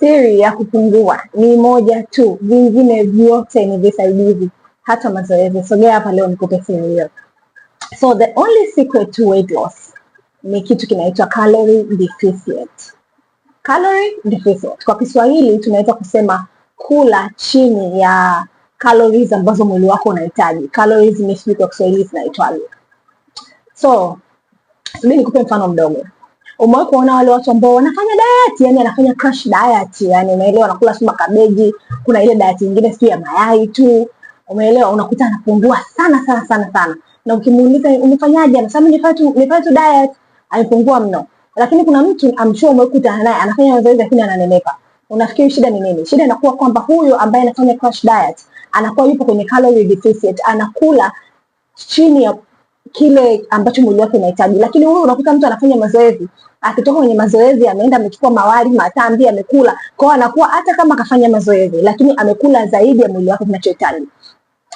Siri ya kupungua ni moja tu, vingine vyote ni visaidizi, hata mazoezi. Sogea hapa leo nikupe simu hiyo. So the only secret to weight loss ni kitu kinaitwa calorie deficit. Calorie deficit kwa Kiswahili tunaweza kusema kula chini ya calories ambazo mwili wako unahitaji. Calories ni kwa Kiswahili zinaitwa So mimi nikupe mfano mdogo umewahi kuona wale watu ambao wanafanya diet, yani anafanya crash diet, yani unaelewa, anakula sima kabeji, kuna ile diet nyingine sio ya mayai tu, umeelewa, unakuta anapungua sana sana sana sana, na ukimuuliza umefanyaje, anasema nilifanya tu nilifanya tu diet, alipungua mno. Lakini kuna mtu I'm sure umekutana naye anafanya mazoezi lakini ananenepa. Unafikiri shida ni nini? Shida inakuwa kwamba huyo ambaye anafanya crash diet anakuwa yupo kwenye calorie deficit, anakula chini ya kile ambacho mwili wake unahitaji. Lakini wewe unakuta mtu anafanya mazoezi, akitoka kwenye mazoezi ameenda amechukua mawali, matambi, amekula kwao, anakuwa hata kama akafanya mazoezi, lakini amekula zaidi ya mwili wake kinachohitaji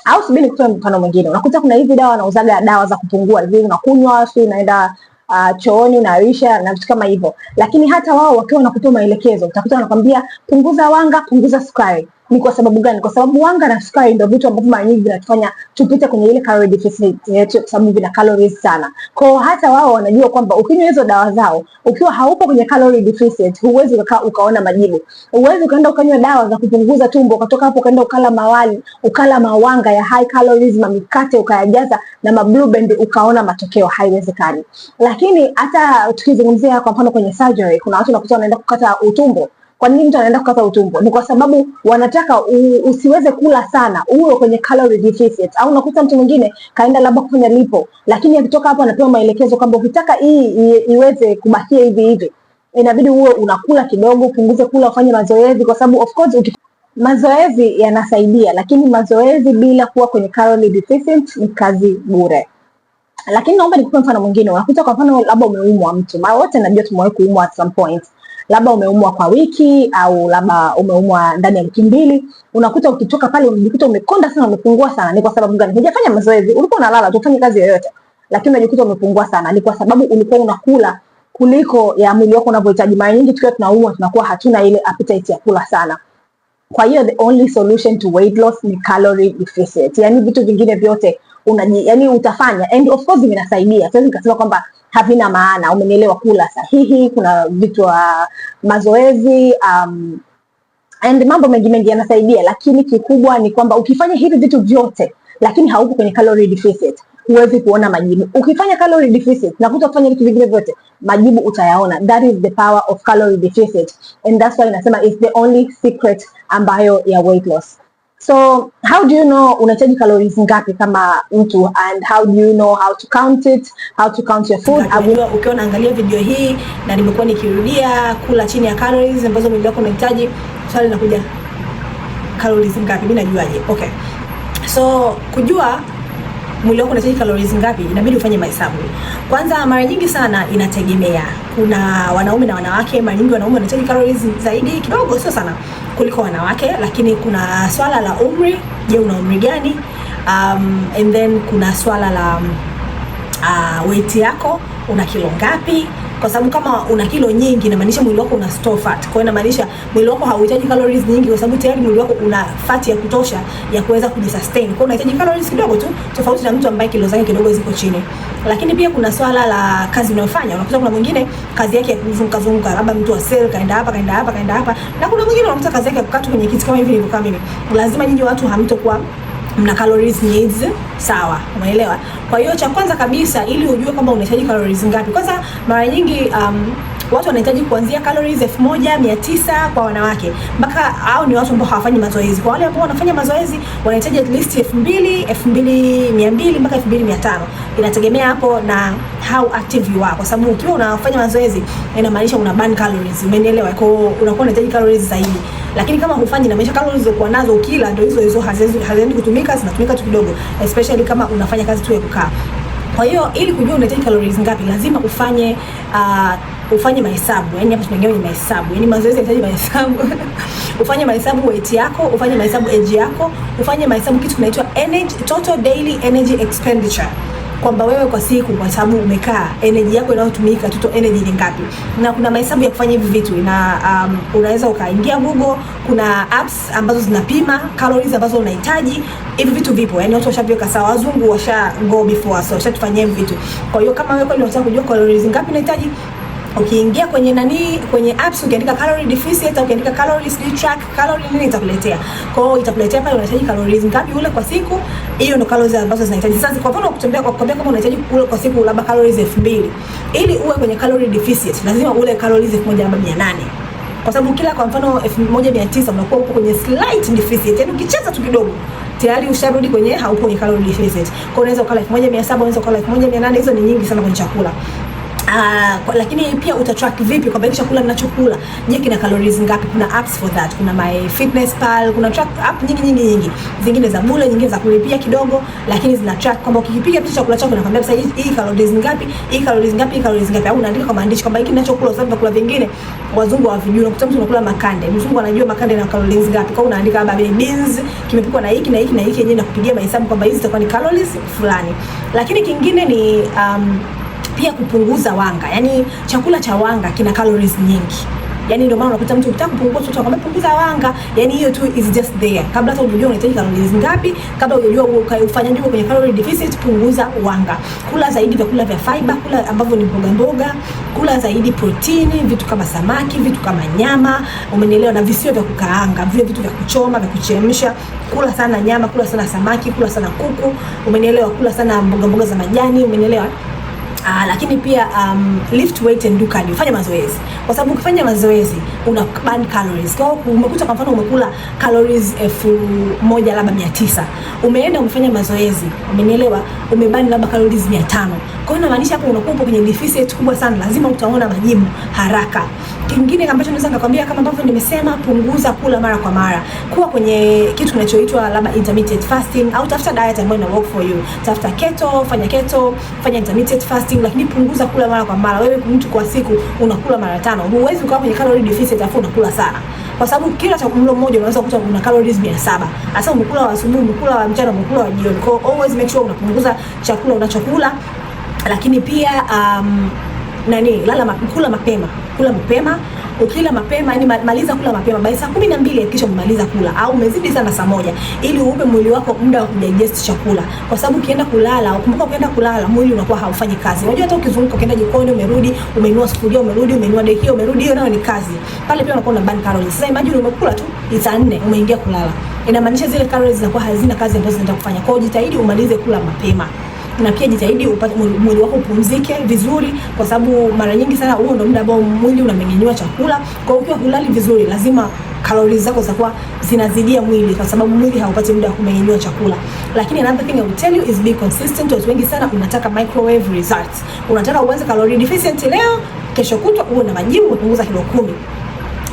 au sibini. Kutoa mfano mwingine, unakuta kuna hizi dawa wanauzaga, dawa za kupungua hivi, unakunywa si unaenda Uh, chooni unaisha na vitu kama hivyo, lakini hata wao wakiwa wanakutoa maelekezo utakuta wanakwambia punguza wanga, punguza sukari. Ni kwa sababu gani? Kwa sababu wanga na sukari ndio vitu ambavyo mara nyingi vinatufanya tupite kwenye ile calorie deficit yetu, kwa sababu vina calories sana. Kwa hiyo hata wao wanajua kwamba ukinywa hizo dawa zao, ukiwa haupo kwenye calorie deficit, huwezi uka, ukaona majibu. Huwezi ukaenda ukanywa dawa za kupunguza tumbo, ukatoka hapo ukaenda ukala mawali, ukala mawanga ya high calories, mamikate ukayajaza na mablue band, ukaona matokeo, haiwezekani. Lakini hata tukizungumzia kwa mfano kwenye surgery, kuna watu nakutana wanaenda kukata utumbo kwa nini mtu anaenda kukata utumbo? Ni kwa sababu wanataka u, usiweze kula sana, uwe kwenye calorie deficit. Au unakuta mtu mwingine kaenda labda kufanya lipo, lakini akitoka hapo anapewa maelekezo kwamba ukitaka hii iweze kubakia hivi hivi inabidi uwe unakula kidogo, upunguze kula, ufanye mazoezi, kwa sababu of course uki mazoezi yanasaidia, lakini mazoezi bila kuwa kwenye calorie deficit ni kazi bure. Lakini naomba nikupe mfano mwingine. Unakuta kwa mfano labda umeumwa mtu, mara wote najua tumewahi kuumwa at some point labda umeumwa kwa wiki au labda umeumwa ndani ya wiki mbili, unakuta ukitoka pale unajikuta umekonda sana, umepungua sana. Ni kwa sababu gani? Hujafanya mazoezi, ulikuwa unalala tu, ufanye kazi yoyote, lakini unajikuta umepungua sana. Ni kwa sababu ulikuwa unakula kuliko ya mwili wako unavyohitaji. Mara nyingi tukiwa tunaumwa tunakuwa hatuna ile appetite ya kula sana. Kwa hiyo the only solution to weight loss ni calorie deficit, yani vitu vingine vyote unaji, yani utafanya and of course vinasaidia. Siwezi nikasema kwamba havina maana, umenielewa? Kula sahihi, kuna vitu wa uh, mazoezi um, and mambo mengi mengi yanasaidia, lakini kikubwa ni kwamba ukifanya hivi vitu vyote lakini hauko kwenye calorie deficit huwezi kuona majibu. Ukifanya calorie deficit na kutofanya vitu vingine vyote, majibu utayaona. That is the power of calorie deficit and that's why inasema it's the only secret ambayo ya weight loss. So how do you know unahitaji calories ngapi kama mtu and how do you know how to count it, how to count your food? Ukiwa unaangalia video hii na nimekuwa nikirudia kula chini ya calories ambazo mwili wako unahitaji, swali linakuja calories ngapi? Mimi najuaje? Okay. So kujua mwili wako unahitaji calories ngapi, inabidi ufanye mahesabu kwanza. Mara nyingi sana inategemea, kuna wanaume na wanawake. Mara nyingi wanaume wanahitaji calories zaidi kidogo, sio sana kuliko wanawake, lakini kuna swala la umri. Je, una umri gani? Um, and then kuna swala la uh, weight yako, una kilo ngapi? kwa sababu kama una kilo nyingi inamaanisha mwili wako una store fat. Kwa hiyo inamaanisha mwili wako hauhitaji calories nyingi, kwa sababu tayari mwili wako una fat ya kutosha ya kuweza kujisustain. Kwa hiyo unahitaji calories kidogo tu, tofauti na mtu ambaye kilo zake kidogo ziko chini. Lakini pia kuna swala la kazi unayofanya. Unakuta kuna mwingine kazi yake ya kuzunguka zunguka, labda mtu wa sale kaenda hapa kaenda hapa kaenda hapa, na kuna mwingine unakuta kazi yake ya kukaa kwenye kiti kama hivi nilivyokaa mimi. Lazima nyinyi watu hamtokuwa mna calories needs sawa, umeelewa? Kwa hiyo cha kwanza kabisa, ili ujue kwamba unahitaji calories ngapi, kwanza mara nyingi um, watu wanahitaji kuanzia calories elfu moja mia tisa kwa wanawake mpaka, au ni watu ambao hawafanyi mazoezi. Kwa wale ambao wanafanya mazoezi wanahitaji at least elfu mbili elfu mbili mia mbili mpaka elfu mbili mia tano inategemea hapo na how active you are, kwa sababu ukiwa unafanya mazoezi inamaanisha una burn calories, umenielewa? Kwa hiyo unakuwa unahitaji calories zaidi lakini kama hufanyi na maisha kama ulizokuwa nazo ukila, ndio hizo hizo haziendi kutumika, zinatumika tu kidogo, especially kama unafanya kazi tu ya kukaa. Kwa hiyo ili kujua unahitaji calories ngapi, lazima ufanye uh, ufanye mahesabu. Yani hapa tunaongea ni mahesabu, yani mazoezi yanahitaji mahesabu ufanye mahesabu weight yako, ufanye mahesabu age yako, ufanye mahesabu kitu kinaitwa energy total daily energy expenditure kwamba wewe kwa siku, kwa sababu umekaa, energy yako inayotumika total energy ni ngapi, na kuna mahesabu ya kufanya hivi vitu na um, unaweza ukaingia Google. Kuna apps ambazo zinapima calories ambazo unahitaji. Hivi vitu vipo, yani watu washaviweka sawa, wazungu washa go before us, washatufanyia hivi vitu. Kwa hiyo kama wewe kweli unataka kujua calories ngapi unahitaji ukiingia kwenye nani kwenye apps ukiandika calorie deficit au ukiandika calories to track calorie nini itakuletea. Kwa hiyo itakuletea pale unahitaji calories ngapi ule kwa siku, hiyo ndio calories ambazo zinahitaji. Sasa kwa mfano ukitembea kwa kwambia kama unahitaji ule kwa siku labda calories 2000 ili uwe kwenye calorie deficit lazima ule calories 1800 kwa sababu kila kwa mfano 1900 unakuwa upo kwenye slight deficit, yani ukicheza tu kidogo tayari usharudi kwenye haupo kwenye calorie deficit. Kwa hiyo unaweza kula 1700 unaweza kula 1800, hizo ni nyingi sana kwenye chakula. Uh, lakini pia utatrack vipi kwamba hiki chakula ninachokula, je, kina calories ngapi? Kuna apps for that, kuna my fitness pal, kuna track app nyingi nyingi nyingi, zingine za bure, nyingine za kulipia kidogo, lakini zina track kwamba ukikipiga picha chakula chako inakwambia sasa hii calories ngapi, hii calories ngapi, hii calories ngapi, au unaandika kwa maandishi kwamba hiki ninachokula, sababu kula vingine wazungu hawajui. Unakuta mtu anakula makande, mzungu anajua makande na calories ngapi, kwa unaandika hapa beans kimepikwa na hiki na hiki na hiki, yenyewe nakupigia mahesabu kwamba hizi zitakuwa ni calories fulani. Lakini kingine ni um, pia kupunguza wanga. Yaani chakula cha wanga kina calories nyingi. Yaani ndio maana unakuta mtu ukitaka kupunguza mtoto akwambia punguza wanga, Yaani hiyo tu is just there. Kabla hata hujajua unahitaji calories ngapi, kabla hujajua ufanyaje kwenye calorie deficit, punguza wanga. Kula zaidi vyakula vya fiber, kula ambavyo ni mboga mboga, kula zaidi protini, vitu kama samaki, vitu kama nyama, umenielewa, na visio vya kukaanga, vile vitu vya kuchoma, vya kuchemsha. Kula sana nyama, kula sana samaki, kula sana kuku, umenielewa, kula sana mboga mboga za majani, umenielewa. Ah, lakini pia um, lift weight and do cardio, fanya mazoezi kwa sababu ukifanya mazoezi una burn calories. Kwa hiyo umekuta kwa mfano umekula calories elfu moja labda mia tisa umeenda umefanya mazoezi, umenielewa, umebani labda calories mia tano Kwa hiyo inamaanisha hapo unakuwa upo kwenye deficit kubwa sana, lazima utaona majibu haraka. Kingine ambacho naweza nikakwambia kama ambavyo nimesema, punguza kula mara kwa mara, kuwa kwenye kitu kinachoitwa labda intermittent fasting au tafuta diet ambayo ina work for you. Tafuta keto, fanya keto, fanya intermittent fasting, lakini punguza kula mara kwa mara. Wewe mtu kwa siku unakula mara tano huwezi ukawa kwenye calorie deficit afu unakula sana, kwa sababu kila chakula mmoja unaweza kukuta una calories 700. Hasa umekula wa asubuhi, umekula wa mchana, umekula wa jioni. Kwa always make sure unapunguza chakula unachokula, lakini pia um, nani, lala ma, kula mapema, kula mapema ukila mapema yani maliza kula mapema by saa kumi na mbili kisha umemaliza kula, au umezidi sana saa moja, ili uupe mwili wako muda wa kudigest chakula, kwa sababu ukienda kulala, ukumbuka, ukienda kulala mwili unakuwa haufanyi kazi. Unajua hata ukizunguka, ukienda jikoni, umerudi, umeinua sufuria, umerudi, umeinua dehio, umerudi, hiyo nayo ni kazi pale, pia unakuwa na burn calories. Sasa imagine umekula tu saa nne umeingia kulala, inamaanisha zile calories zinakuwa hazina kazi ambazo zinaenda kufanya kwao. Jitahidi umalize kula mapema na pia jitahidi upate mwili wako upumzike vizuri, kwa sababu mara nyingi sana huo ndio muda ambao mwili unameng'enywa chakula. Kwa hiyo ukiwa hulali vizuri, lazima kalori zako zitakuwa zinazidia mwili, kwa sababu mwili haupati muda wa kumeng'enywa chakula. Lakini another thing I will tell you is be consistent. Watu wengi sana unataka microwave results, unataka uanze calorie deficient leo, kesho kutwa uwe na majibu umepunguza kilo kumi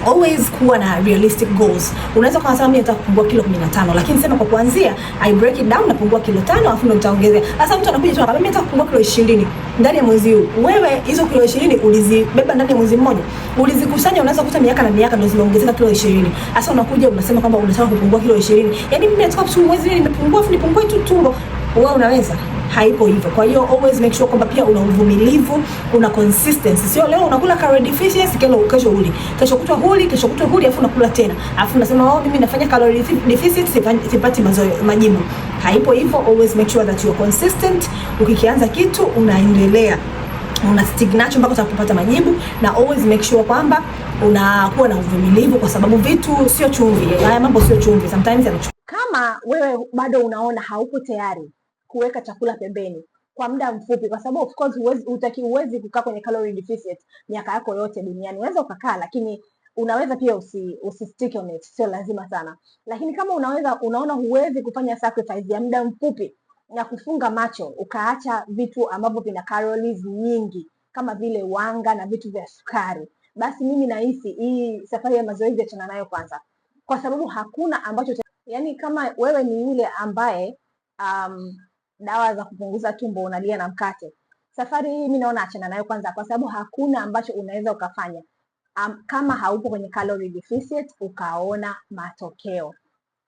always kuwa na realistic goals. Unaweza kama sema mimi nataka kupungua kilo 15, lakini sema kwa kuanzia I break it down napungua kilo 5 afu ndo nitaongezea. Sasa mtu anakuja tu anambia mimi nataka kupungua kilo 20 ndani ya mwezi huu. Wewe hizo kilo 20 ulizibeba ndani ya mwezi mmoja. Ulizikusanya unaweza kuta miaka na miaka ndo zimeongezeka kilo 20. Sasa unakuja unasema kwamba unataka kupungua kilo 20. Yaani mimi nataka tu mwezi nimepungua nipungue tu tumbo wewe unaweza haipo hivyo. Kwa hiyo always make sure kwamba pia una uvumilivu, una consistency. Sio leo unakula calorie deficiency, kesho kesho huli, kesho kutwa huli, kesho kutwa huli, afu unakula tena, afu unasema oh, mimi nafanya calorie deficit sipati majibu. Haipo hivyo. Always make sure that you are consistent. Ukikianza kitu unaendelea una stick nacho mpaka utakapopata majibu, na always make sure kwamba unakuwa na uvumilivu, kwa sababu vitu sio chumvi. Haya mambo sio chumvi, sometimes yanachukua. Kama wewe bado unaona haupo tayari kuweka chakula pembeni kwa muda mfupi, kwa sababu of course uwezi, utaki, uwezi kukaa kwenye calorie deficit miaka yako yote duniani. Unaweza ukakaa, lakini unaweza pia usi, usi stick on it, sio lazima sana. Lakini kama unaweza unaona huwezi kufanya sacrifice ya muda mfupi na kufunga macho ukaacha vitu ambavyo vina calories nyingi kama vile wanga na vitu vya sukari, basi mimi nahisi hii safari ya mazoezi achana nayo kwanza, kwa sababu hakuna ambacho, yani, kama wewe ni yule ambaye um, dawa za kupunguza tumbo unalia na mkate. Safari hii mimi naona achana nayo kwanza, kwa sababu hakuna ambacho unaweza ukafanya um, kama haupo kwenye calorie deficit ukaona matokeo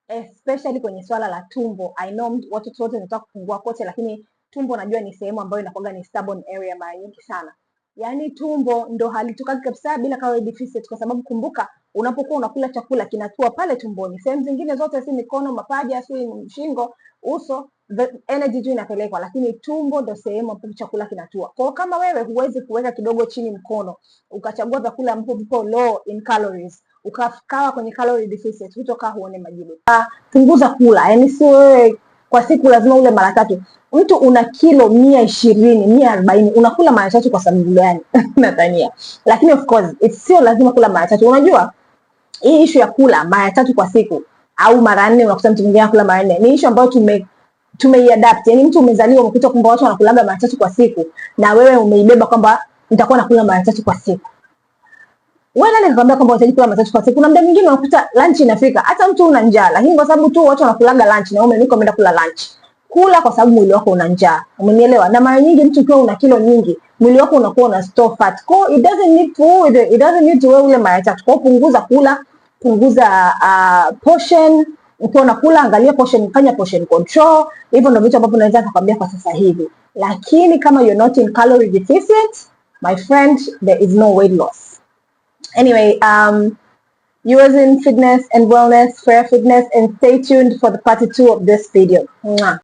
especially kwenye swala la tumbo. I know watoto wote wanataka kupungua kote, lakini tumbo najua ni sehemu ambayo inakwaga ni stubborn area mara nyingi sana. Yaani tumbo ndo halitukazi kabisa bila calorie deficit, kwa sababu kumbuka unapokuwa unakula chakula kinatua pale tumboni. Sehemu zingine zote, si mikono, mapaja, si shingo, uso, the energy juu inapelekwa, lakini tumbo ndo sehemu ambapo chakula kinatua. Kwa kama wewe huwezi kuweka kidogo chini mkono ukachagua vyakula ambapo vipo low in calories ukawa kwenye calorie deficit, hutokaa huone majibu. Ah, punguza kula, yani si wewe kwa siku lazima ule mara tatu. Mtu una kilo mia ishirini mia arobaini unakula mara tatu kwa sababu gani? Nadhania, lakini of course it's sio lazima kula mara tatu. Unajua hii ishu ya kula mara tatu kwa siku au mara nne, unakuta mtu mwingine anakula mara nne, ni ishu ambayo tume tumeiadapt. Yani mtu umezaliwa umekuta kwamba watu wanakula mara tatu kwa siku, na wewe umeibeba kwamba nitakuwa nakula mara tatu kwa siku. Wewe nani kakwambia kwamba unahitaji kula mara tatu kwa siku? kuna mda mwingine unakuta lunch inafika, hata mtu una njaa, lakini kwa sababu tu watu wanakulaga lunch na wewe umeamka umeenda kula lunch kula kwa sababu mwili wako una njaa, umenielewa? Na mara nyingi mtu ukiwa una kilo nyingi, mwili wako unakuwa una store fat, kwa it doesn't need to it doesn't need to wewe ule mara tatu, kwa punguza kula punguza uh, portion ukiwa unakula angalia portion, fanya portion control. Hivyo ndio vitu ambavyo naweza kukwambia kwa sasa hivi, lakini kama you're not in calorie deficit my friend, there is no weight loss anyway. Um, you are in fitness and wellness, Fair Fitness, and stay tuned for the part 2 of this video. Mwah.